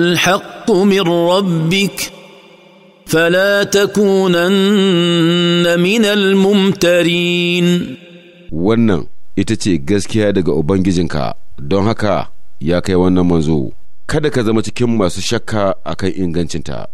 الحق من ربك فلا تكونن من الممترين wannan ita ce gaskiya daga ubangijinka don haka ya kai wannan manzo kada ka zama cikin masu shakka akan ingancinta